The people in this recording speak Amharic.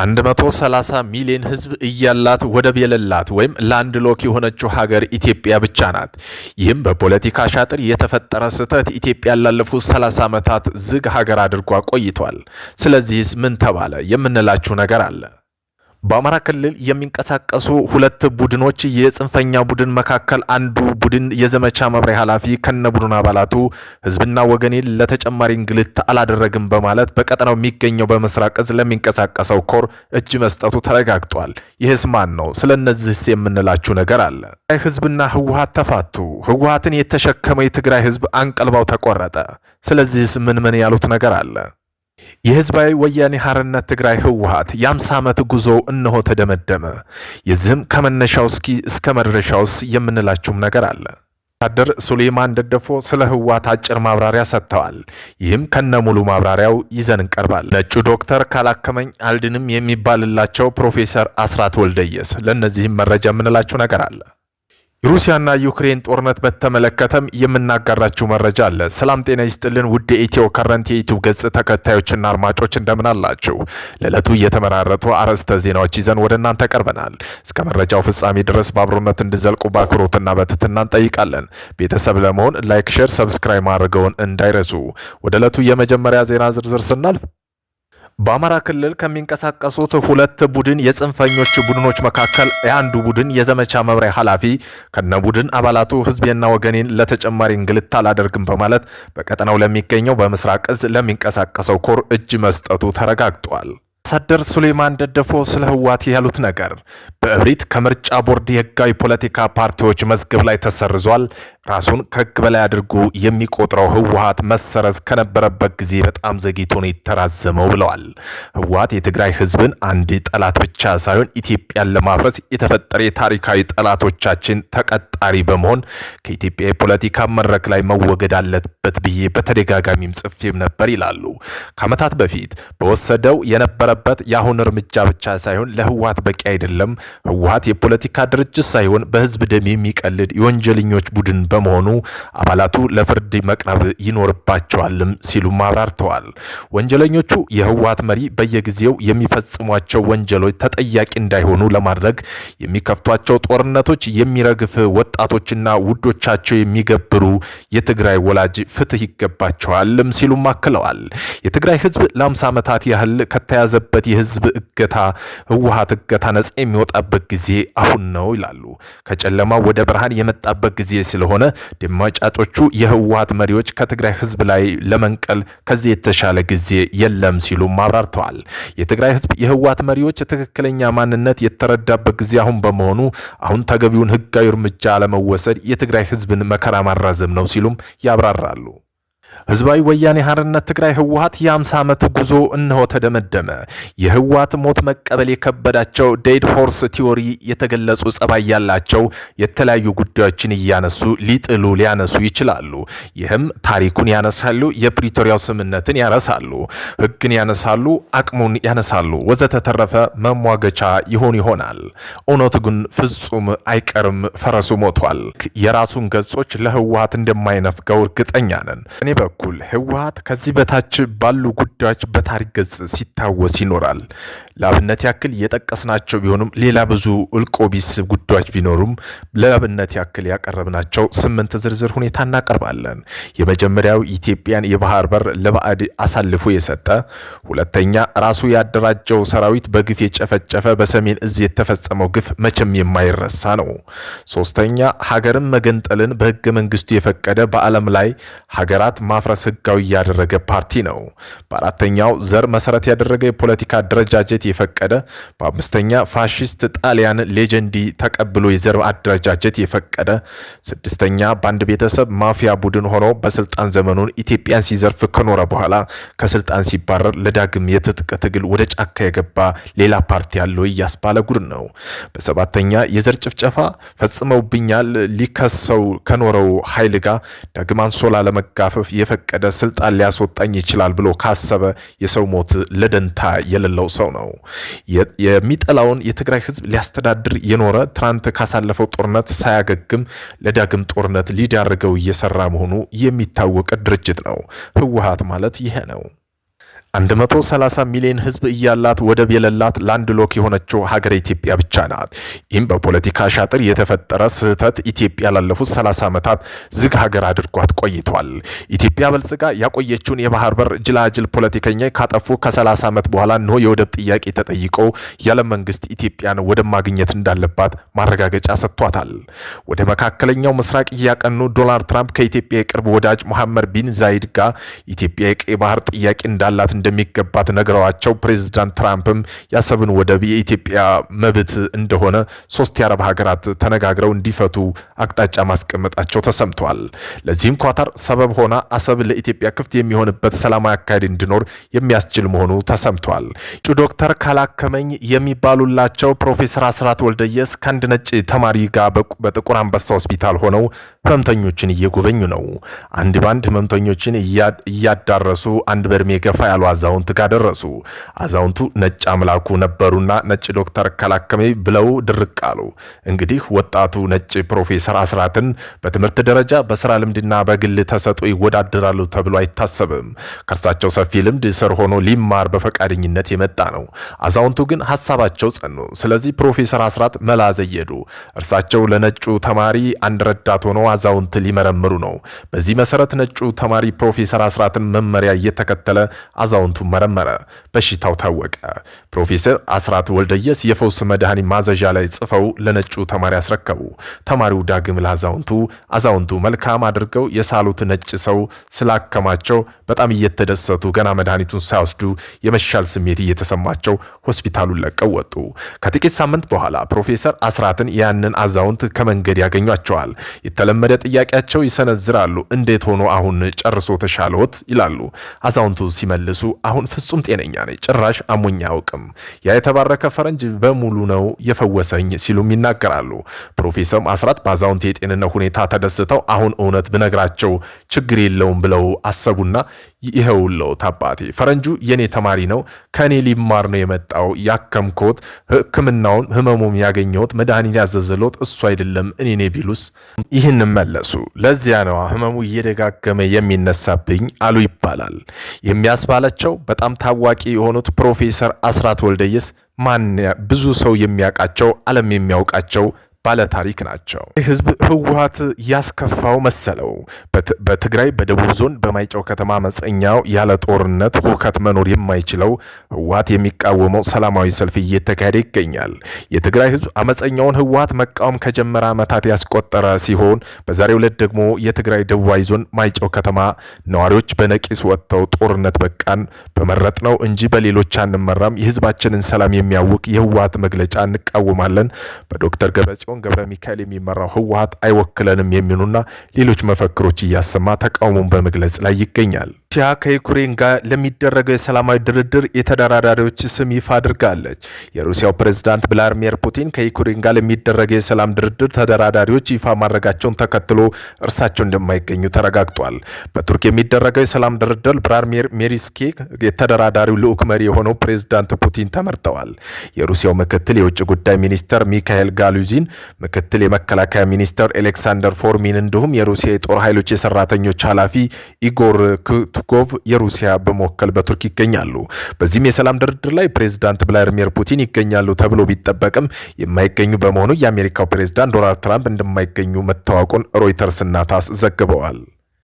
130 ሚሊዮን ህዝብ እያላት ወደብ የሌላት ወይም ላንድ ሎክ የሆነችው ሀገር ኢትዮጵያ ብቻ ናት። ይህም በፖለቲካ ሻጥር የተፈጠረ ስህተት ኢትዮጵያ ላለፉት 30 ዓመታት ዝግ ሀገር አድርጓ ቆይቷል። ስለዚህስ ምን ተባለ የምንላችሁ ነገር አለ። በአማራ ክልል የሚንቀሳቀሱ ሁለት ቡድኖች የጽንፈኛ ቡድን መካከል አንዱ ቡድን የዘመቻ መምሪያ ኃላፊ ከነ ቡድን አባላቱ ህዝብና ወገኔን ለተጨማሪ እንግልት አላደረግም በማለት በቀጠናው የሚገኘው በምስራቅ እዝ ለሚንቀሳቀሰው ኮር እጅ መስጠቱ ተረጋግጧል። ይህስ ማን ነው? ስለ እነዚህስ የምንላችሁ ነገር አለ። ህዝብና ህወሀት ተፋቱ። ህወሀትን የተሸከመ የትግራይ ህዝብ አንቀልባው ተቆረጠ። ስለዚህስ ምን ምን ያሉት ነገር አለ? የህዝባዊ ወያኔ ሐርነት ትግራይ ህወሀት የአምሳ ዓመት ጉዞ እነሆ ተደመደመ። የዚህም ከመነሻው እስኪ እስከ መድረሻውስ የምንላችሁም ነገር አለ። ወታደር ሱሌማን ደደፎ ስለ ህወሀት አጭር ማብራሪያ ሰጥተዋል። ይህም ከነሙሉ ማብራሪያው ይዘን እንቀርባል። ነጩ ዶክተር ካላከመኝ አልድንም የሚባልላቸው ፕሮፌሰር አስራት ወልደየስ ለእነዚህም መረጃ የምንላችሁ ነገር አለ። ሩሲያና ዩክሬን ጦርነት በተመለከተም የምናጋራችው መረጃ አለ። ሰላም ጤና ይስጥልን ውድ የኢትዮ ከረንት የዩቲዩብ ገጽ ተከታዮችና አድማጮች እንደምን አላችሁ? ለዕለቱ እየተመራረቱ አርዕስተ ዜናዎች ይዘን ወደ እናንተ ቀርበናል። እስከ መረጃው ፍጻሜ ድረስ በአብሮነት እንዲዘልቁ በአክብሮትና በትህትና እንጠይቃለን። ቤተሰብ ለመሆን ላይክ፣ ሼር፣ ሰብስክራይብ ማድረገውን እንዳይረሱ። ወደ ዕለቱ የመጀመሪያ ዜና ዝርዝር ስናልፍ በአማራ ክልል ከሚንቀሳቀሱት ሁለት ቡድን የጽንፈኞች ቡድኖች መካከል የአንዱ ቡድን የዘመቻ መምሪያ ኃላፊ ከነ ቡድን አባላቱ ህዝቤና ወገኔን ለተጨማሪ እንግልት አላደርግም በማለት በቀጠናው ለሚገኘው በምስራቅ እዝ ለሚንቀሳቀሰው ኮር እጅ መስጠቱ ተረጋግጧል። አምባሳደር ሱሌማን ደደፎ ስለ ህዋት ያሉት ነገር በእብሪት ከምርጫ ቦርድ የህጋዊ ፖለቲካ ፓርቲዎች መዝገብ ላይ ተሰርዟል። ራሱን ከህግ በላይ አድርጎ የሚቆጥረው ህወሀት መሰረዝ ከነበረበት ጊዜ በጣም ዘግይቶ ነው የተራዘመው ብለዋል። ህወሀት የትግራይ ህዝብን አንድ ጠላት ብቻ ሳይሆን ኢትዮጵያን ለማፍረስ የተፈጠረ የታሪካዊ ጠላቶቻችን ተቀጣሪ በመሆን ከኢትዮጵያ የፖለቲካ መድረክ ላይ መወገድ አለበት ብዬ በተደጋጋሚም ጽፌም ነበር ይላሉ። ከአመታት በፊት በወሰደው የነበረ ያለበት የአሁን እርምጃ ብቻ ሳይሆን ለህወሀት በቂ አይደለም። ህወሀት የፖለቲካ ድርጅት ሳይሆን በህዝብ ደም የሚቀልድ የወንጀለኞች ቡድን በመሆኑ አባላቱ ለፍርድ መቅረብ ይኖርባቸዋልም ሲሉም አብራርተዋል። ወንጀለኞቹ የህወሀት መሪ በየጊዜው የሚፈጽሟቸው ወንጀሎች ተጠያቂ እንዳይሆኑ ለማድረግ የሚከፍቷቸው ጦርነቶች የሚረግፍ ወጣቶችና ውዶቻቸው የሚገብሩ የትግራይ ወላጅ ፍትህ ይገባቸዋልም ሲሉም አክለዋል። የትግራይ ህዝብ ለአምሳ ዓመታት ያህል ከተያዘ ያለበት የህዝብ እገታ ህወሀት እገታ ነጻ የሚወጣበት ጊዜ አሁን ነው ይላሉ። ከጨለማ ወደ ብርሃን የመጣበት ጊዜ ስለሆነ ደማጭ የህወሀት መሪዎች ከትግራይ ህዝብ ላይ ለመንቀል ከዚህ የተሻለ ጊዜ የለም ሲሉም አብራርተዋል። የትግራይ ህዝብ የህወሀት መሪዎች ትክክለኛ ማንነት የተረዳበት ጊዜ አሁን በመሆኑ አሁን ተገቢውን ህጋዊ እርምጃ ለመወሰድ የትግራይ ህዝብን መከራ ማራዘም ነው ሲሉም ያብራራሉ። ህዝባዊ ወያኔ ሓርነት ትግራይ ህወሀት የ50 ዓመት ጉዞ እነሆ ተደመደመ። የህወሀት ሞት መቀበል የከበዳቸው ዴድ ሆርስ ቲዎሪ የተገለጹ ጸባይ ያላቸው የተለያዩ ጉዳዮችን እያነሱ ሊጥሉ ሊያነሱ ይችላሉ። ይህም ታሪኩን ያነሳሉ፣ የፕሪቶሪያው ስምምነትን ያነሳሉ፣ ህግን ያነሳሉ፣ አቅሙን ያነሳሉ፣ ወዘተተረፈ መሟገቻ ይሆን ይሆናል። እውነቱ ግን ፍጹም አይቀርም፣ ፈረሱ ሞቷል። የራሱን ገጾች ለህወሀት እንደማይነፍገው እርግጠኛ ነን እኔ በኩል ህወሀት ከዚህ በታች ባሉ ጉዳዮች በታሪክ ገጽ ሲታወስ ይኖራል። ለአብነት ያክል የጠቀስናቸው ቢሆኑም ሌላ ብዙ እልቆቢስ ጉዳዮች ቢኖሩም ለአብነት ያክል ያቀረብናቸው ስምንት ዝርዝር ሁኔታ እናቀርባለን። የመጀመሪያው ኢትዮጵያን የባህር በር ለባዕድ አሳልፎ የሰጠ፣ ሁለተኛ ራሱ ያደራጀው ሰራዊት በግፍ የጨፈጨፈ በሰሜን እዝ የተፈጸመው ግፍ መቼም የማይረሳ ነው። ሶስተኛ ሀገርን መገንጠልን በህገ መንግስቱ የፈቀደ በዓለም ላይ ሀገራት ማፍረ ማፍረስ ህጋዊ ያደረገ ፓርቲ ነው። በአራተኛው ዘር መሰረት ያደረገ የፖለቲካ አደረጃጀት የፈቀደ፣ በአምስተኛ ፋሽስት ጣሊያን ሌጀንዲ ተቀብሎ የዘር አደረጃጀት የፈቀደ፣ ስድስተኛ በአንድ ቤተሰብ ማፊያ ቡድን ሆኖ በስልጣን ዘመኑን ኢትዮጵያን ሲዘርፍ ከኖረ በኋላ ከስልጣን ሲባረር ለዳግም የትጥቅ ትግል ወደ ጫካ የገባ ሌላ ፓርቲ ያለው እያስባለ ጉድ ነው። በሰባተኛ የዘር ጭፍጨፋ ፈጽመውብኛል ሊከሰው ከኖረው ኃይል ጋር ዳግም አንሶላ ለመጋፈፍ የ የፈቀደ ስልጣን ሊያስወጣኝ ይችላል ብሎ ካሰበ የሰው ሞት ለደንታ የሌለው ሰው ነው። የሚጠላውን የትግራይ ህዝብ ሊያስተዳድር የኖረ ትናንት ካሳለፈው ጦርነት ሳያገግም ለዳግም ጦርነት ሊዳርገው እየሰራ መሆኑ የሚታወቅ ድርጅት ነው። ህወሀት ማለት ይሄ ነው። 130 ሚሊዮን ህዝብ እያላት ወደብ የሌላት ላንድ ሎክ የሆነችው ሀገር ኢትዮጵያ ብቻ ናት። ይህም በፖለቲካ ሻጥር የተፈጠረ ስህተት ኢትዮጵያ ላለፉት 30 ዓመታት ዝግ ሀገር አድርጓት ቆይቷል። ኢትዮጵያ በልጽጋ ያቆየችውን የባህር በር ጅላጅል ፖለቲከኛ ካጠፉ ከ30 ዓመት በኋላ ኖ የወደብ ጥያቄ ተጠይቀው የዓለም መንግስት ኢትዮጵያን ወደብ ማግኘት እንዳለባት ማረጋገጫ ሰጥቷታል። ወደ መካከለኛው ምስራቅ እያቀኑ ዶናልድ ትራምፕ ከኢትዮጵያ የቅርብ ወዳጅ መሐመድ ቢን ዛይድ ጋር ኢትዮጵያ የቀይ ባህር ጥያቄ እንዳላት እንደሚገባ ነግረዋቸው ፕሬዚዳንት ትራምፕም የአሰብን ወደብ የኢትዮጵያ መብት እንደሆነ ሶስት የአረብ ሀገራት ተነጋግረው እንዲፈቱ አቅጣጫ ማስቀመጣቸው ተሰምተዋል። ለዚህም ኳታር ሰበብ ሆና አሰብ ለኢትዮጵያ ክፍት የሚሆንበት ሰላማዊ አካሄድ እንዲኖር የሚያስችል መሆኑ ተሰምቷል። ጩ ዶክተር ካላከመኝ የሚባሉላቸው ፕሮፌሰር አስራት ወልደየስ ከአንድ ነጭ ተማሪ ጋር በጥቁር አንበሳ ሆስፒታል ሆነው ህመምተኞችን እየጎበኙ ነው። አንድ ባንድ ህመምተኞችን እያዳረሱ አንድ በእድሜ ገፋ ያሉ አዛውንት ጋር ደረሱ። አዛውንቱ ነጭ አምላኩ ነበሩና ነጭ ዶክተር ከላከሜ ብለው ድርቅ አሉ። እንግዲህ ወጣቱ ነጭ ፕሮፌሰር አስራትን በትምህርት ደረጃ በስራ ልምድና በግል ተሰጦ ይወዳደራሉ ተብሎ አይታሰብም። ከእርሳቸው ሰፊ ልምድ ስር ሆኖ ሊማር በፈቃደኝነት የመጣ ነው። አዛውንቱ ግን ሀሳባቸው ጸኑ። ስለዚህ ፕሮፌሰር አስራት መላ ዘየዱ። እርሳቸው ለነጩ ተማሪ አንድ ረዳት አዛውንት ሊመረምሩ ነው። በዚህ መሰረት ነጩ ተማሪ ፕሮፌሰር አስራትን መመሪያ እየተከተለ አዛ አዛውንቱ መረመረ፣ በሽታው ታወቀ። ፕሮፌሰር አስራት ወልደየስ የፈውስ መድኃኒት ማዘዣ ላይ ጽፈው ለነጩ ተማሪ አስረከቡ። ተማሪው ዳግም ለአዛውንቱ አዛውንቱ መልካም አድርገው የሳሉት ነጭ ሰው ስላከማቸው በጣም እየተደሰቱ ገና መድኃኒቱን ሳይወስዱ የመሻል ስሜት እየተሰማቸው ሆስፒታሉን ለቀው ወጡ። ከጥቂት ሳምንት በኋላ ፕሮፌሰር አስራትን ያንን አዛውንት ከመንገድ ያገኟቸዋል። የተለመደ ጥያቄያቸው ይሰነዝራሉ። እንዴት ሆኖ አሁን ጨርሶ ተሻለዎት? ይላሉ። አዛውንቱ ሲመልሱ አሁን ፍጹም ጤነኛ ነኝ፣ ጭራሽ አሞኝ አያውቅም። ያ የተባረከ ፈረንጅ በሙሉ ነው የፈወሰኝ ሲሉም ይናገራሉ። ፕሮፌሰር አስራት በአዛውንት የጤንነት ሁኔታ ተደስተው አሁን እውነት ብነግራቸው ችግር የለውም ብለው አሰቡና ይኸውልዎት አባቴ ፈረንጁ የኔ ተማሪ ነው፣ ከኔ ሊማር ነው የመጣው። ያከምኮት ሕክምናውን ህመሙም ያገኘሁት መድኃኒት ያዘዘሎት እሱ አይደለም እኔ ቢሉስ ይህን መለሱ። ለዚያ ነዋ ህመሙ እየደጋገመ የሚነሳብኝ አሉ ይባላል የሚያስባለች ያላቸው በጣም ታዋቂ የሆኑት ፕሮፌሰር አስራት ወልደየስ ማን ብዙ ሰው የሚያውቃቸው ዓለም የሚያውቃቸው ባለታሪክ ናቸው። ይህ ህዝብ ህወሀት ያስከፋው መሰለው። በትግራይ በደቡብ ዞን በማይጨው ከተማ መፀኛው ያለ ጦርነት ሁከት መኖር የማይችለው ህወሀት የሚቃወመው ሰላማዊ ሰልፍ እየተካሄደ ይገኛል። የትግራይ ህዝብ አመፀኛውን ህወሀት መቃወም ከጀመረ ዓመታት ያስቆጠረ ሲሆን በዛሬው ዕለት ደግሞ የትግራይ ደቡባዊ ዞን ማይጨው ከተማ ነዋሪዎች በነቂስ ወጥተው ጦርነት በቃን ነው እንጂ በሌሎች አንመራም፣ የህዝባችንን ሰላም የሚያውቅ የህወሀት መግለጫ እንቃወማለን በዶክተር ገበጭ ጽዮን ገብረ ሚካኤል የሚመራው ህወሀት አይወክለንም የሚሉና ሌሎች መፈክሮች እያሰማ ተቃውሞን በመግለጽ ላይ ይገኛል። ሩሲያ ከዩክሬን ጋር ለሚደረገው የሰላማዊ ድርድር የተደራዳሪዎች ስም ይፋ አድርጋለች። የሩሲያው ፕሬዝዳንት ቭላዲሚር ፑቲን ከዩክሬን ጋር ለሚደረገው የሰላም ድርድር ተደራዳሪዎች ይፋ ማድረጋቸውን ተከትሎ እርሳቸው እንደማይገኙ ተረጋግጧል። በቱርክ የሚደረገው የሰላም ድርድር ቭላዲሚር ሜሪስኪ የተደራዳሪው ልዑክ መሪ የሆነው ፕሬዝዳንት ፑቲን ተመርጠዋል። የሩሲያው ምክትል የውጭ ጉዳይ ሚኒስተር ሚካኤል ጋሉዚን፣ ምክትል የመከላከያ ሚኒስተር ኤሌክሳንደር ፎርሚን እንዲሁም የሩሲያ የጦር ኃይሎች የሰራተኞች ኃላፊ ኢጎር ቱኮቭ የሩሲያ በመወከል በቱርክ ይገኛሉ። በዚህም የሰላም ድርድር ላይ ፕሬዚዳንት ቭላዲሚር ፑቲን ይገኛሉ ተብሎ ቢጠበቅም የማይገኙ በመሆኑ የአሜሪካው ፕሬዚዳንት ዶናልድ ትራምፕ እንደማይገኙ መታወቁን እና ታስ ዘግበዋል።